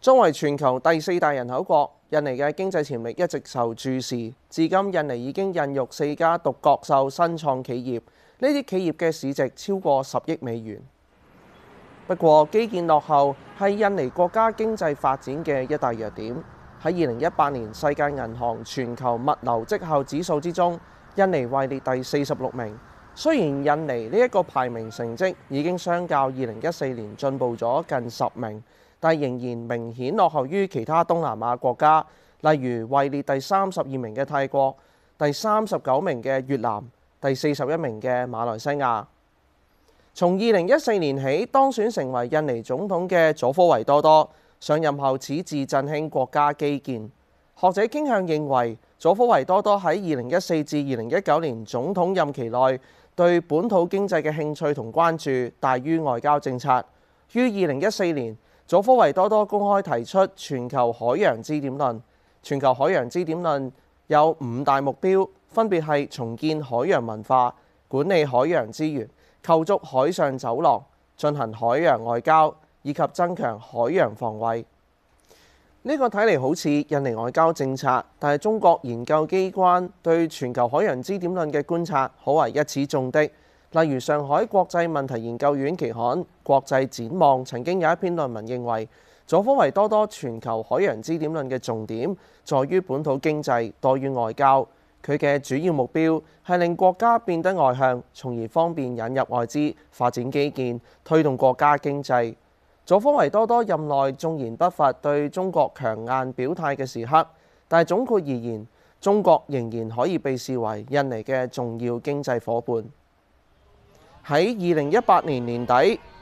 作為全球第四大人口國，印尼嘅經濟潛力一直受注視。至今，印尼已經孕育四家獨角獸新創企業，呢啲企業嘅市值超過十億美元。不過，基建落後係印尼國家經濟發展嘅一大弱點。喺二零一八年世界銀行全球物流績效指數之中，印尼位列第四十六名。雖然印尼呢一個排名成績已經相較二零一四年進步咗近十名，但仍然明顯落後於其他東南亞國家，例如位列第三十二名嘅泰國、第三十九名嘅越南、第四十一名嘅馬來西亞。從二零一四年起當選成為印尼總統嘅佐科維多多上任後，矢志振興國家基建。學者傾向認為，佐科維多多喺二零一四至二零一九年總統任期內，對本土經濟嘅興趣同關注大於外交政策。於二零一四年，祖科維多多公開提出全球海洋支點論，全球海洋支點論有五大目標，分別係重建海洋文化、管理海洋資源、構築海上走廊、進行海洋外交以及增強海洋防衛。呢個睇嚟好似印尼外交政策，但係中國研究機關對全球海洋支點論嘅觀察，可謂一矢中的。例如上海國際問題研究院期刊《國際展望》曾經有一篇論文認為，佐科維多多全球海洋支點論嘅重點在於本土經濟多於外交。佢嘅主要目標係令國家變得外向，從而方便引入外資、發展基建、推動國家經濟。佐科維多多任內縱然不乏對中國強硬表態嘅時刻，但係總括而言，中國仍然可以被視為印尼嘅重要經濟伙伴。喺二零一八年年底，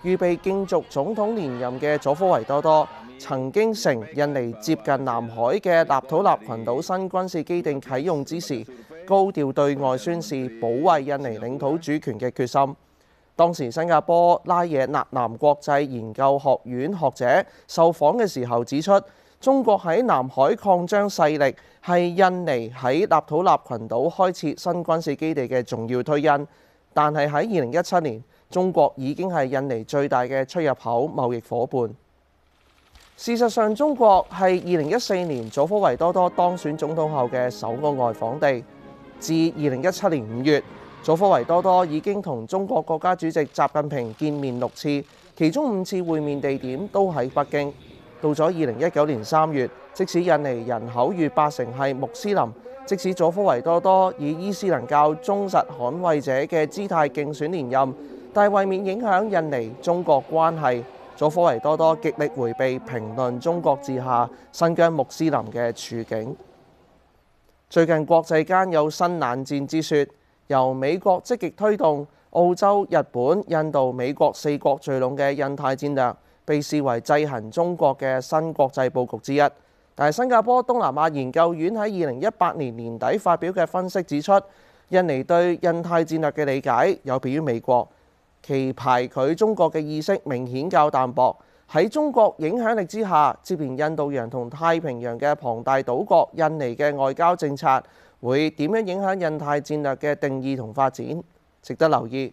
預備競逐總統連任嘅佐科維多多，曾經承印尼接近南海嘅納土納群島新軍事基地啟用之時，高調對外宣示保衞印尼領土主權嘅決心。當時新加坡拉惹納南國際研究學院學者受訪嘅時候指出，中國喺南海擴張勢力係印尼喺納土納群島開設新軍事基地嘅重要推因。但係喺二零一七年，中國已經係印尼最大嘅出入口貿易夥伴。事實上，中國係二零一四年佐科維多多當選總統後嘅首個外訪地。至二零一七年五月，佐科維多多已經同中國國家主席習近平見面六次，其中五次會面地點都喺北京。到咗二零一九年三月，即使印尼人口逾八成係穆斯林。即使佐科維多多以伊斯蘭教忠實捍衛者嘅姿態競選連任，但為免影響印尼中國關係，佐科維多多極力迴避評論中國治下新疆穆斯林嘅處境。最近國際間有新冷戰之説，由美國積極推動澳洲、日本、印度、美國四國聚攏嘅印太戰略，被視為制衡中國嘅新國際佈局之一。但係新加坡東南亞研究院喺二零一八年年底發表嘅分析指出，印尼對印太戰略嘅理解有別於美國，其排拒中國嘅意識明顯較淡薄。喺中國影響力之下，接連印度洋同太平洋嘅龐大島國，印尼嘅外交政策會點樣影響印太戰略嘅定義同發展？值得留意。